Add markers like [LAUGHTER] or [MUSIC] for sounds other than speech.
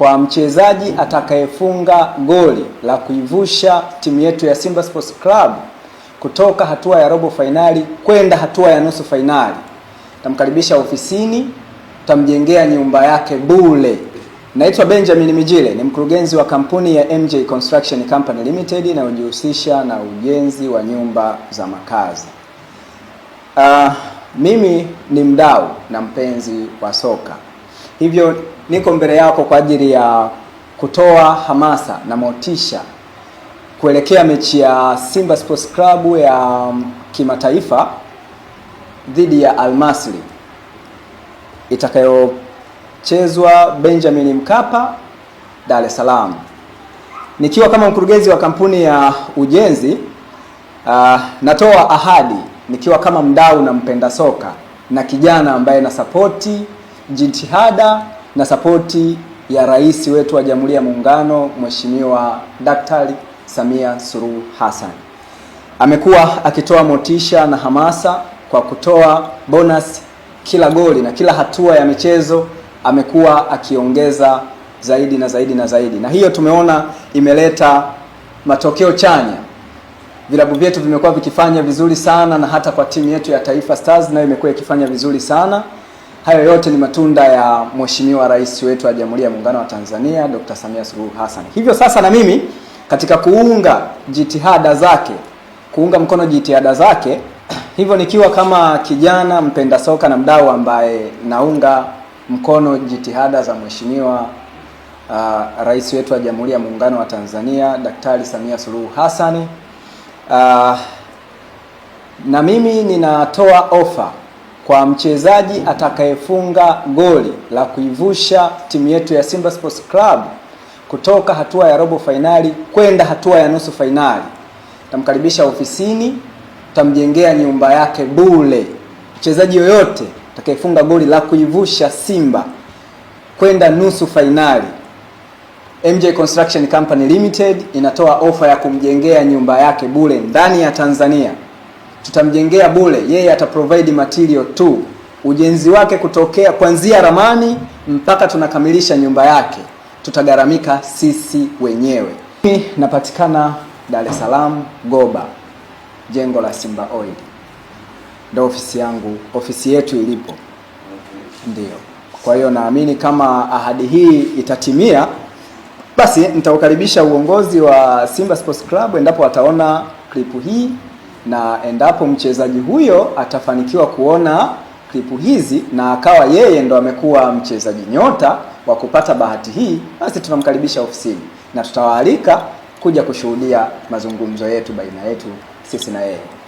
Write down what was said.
kwa mchezaji atakayefunga goli la kuivusha timu yetu ya Simba Sports Club kutoka hatua ya robo fainali kwenda hatua ya nusu fainali. Tamkaribisha ofisini, tamjengea nyumba yake bule. Naitwa Benjamin Mijile, ni mkurugenzi wa kampuni ya MJ Construction Company Limited inayojihusisha na ujenzi wa nyumba za makazi. Uh, mimi ni mdau na mpenzi wa soka. Hivyo niko mbele yako kwa ajili ya kutoa hamasa na motisha kuelekea mechi ya Simba Sports Club ya um, kimataifa dhidi ya almasri itakayochezwa Benjamin Mkapa, Dar es Salaam. Nikiwa kama mkurugenzi wa kampuni ya ujenzi uh, natoa ahadi nikiwa kama mdau na mpenda soka na kijana ambaye na sapoti jitihada na sapoti ya rais wetu wa Jamhuri ya Muungano Mheshimiwa Daktari Samia Suluhu Hassan. Amekuwa akitoa motisha na hamasa kwa kutoa bonus kila goli na kila hatua ya michezo amekuwa akiongeza zaidi na zaidi na zaidi, na hiyo tumeona imeleta matokeo chanya. Vilabu vyetu vimekuwa vikifanya vizuri sana, na hata kwa timu yetu ya Taifa Stars nayo imekuwa ikifanya vizuri sana. Hayo yote ni matunda ya Mheshimiwa Rais wetu wa Jamhuri ya Muungano wa Tanzania Dr. Samia Suluhu Hassan. Hivyo sasa na mimi katika kuunga jitihada zake, kuunga mkono jitihada zake, [CLEARS THROAT] hivyo nikiwa kama kijana mpenda soka na mdau ambaye naunga mkono jitihada za Mheshimiwa uh, Rais wetu wa Jamhuri ya Muungano wa Tanzania Daktari Samia Suluhu Hassan uh, na mimi ninatoa ofa kwa mchezaji atakayefunga goli la kuivusha timu yetu ya Simba Sports Club kutoka hatua ya robo fainali kwenda hatua ya nusu fainali. tamkaribisha ofisini, tamjengea nyumba yake bule. Mchezaji yoyote atakayefunga goli la kuivusha Simba kwenda nusu fainali, MJ Construction Company Limited inatoa ofa ya kumjengea nyumba yake bule ndani ya Tanzania tutamjengea bure, yeye ataprovide material tu. Ujenzi wake kutokea kuanzia ramani mpaka tunakamilisha nyumba yake tutagharamika sisi wenyewe. Mimi napatikana Dar es Salaam Goba, jengo la Simba Oil, ndio ofisi yangu, ofisi yetu ilipo ndio. Kwa hiyo naamini kama ahadi hii itatimia, basi nitaukaribisha uongozi wa Simba Sports Club endapo wataona klipu hii na endapo mchezaji huyo atafanikiwa kuona klipu hizi na akawa yeye ndo amekuwa mchezaji nyota wa kupata bahati hii, basi tunamkaribisha ofisini na tutawaalika kuja kushuhudia mazungumzo yetu baina yetu sisi na yeye.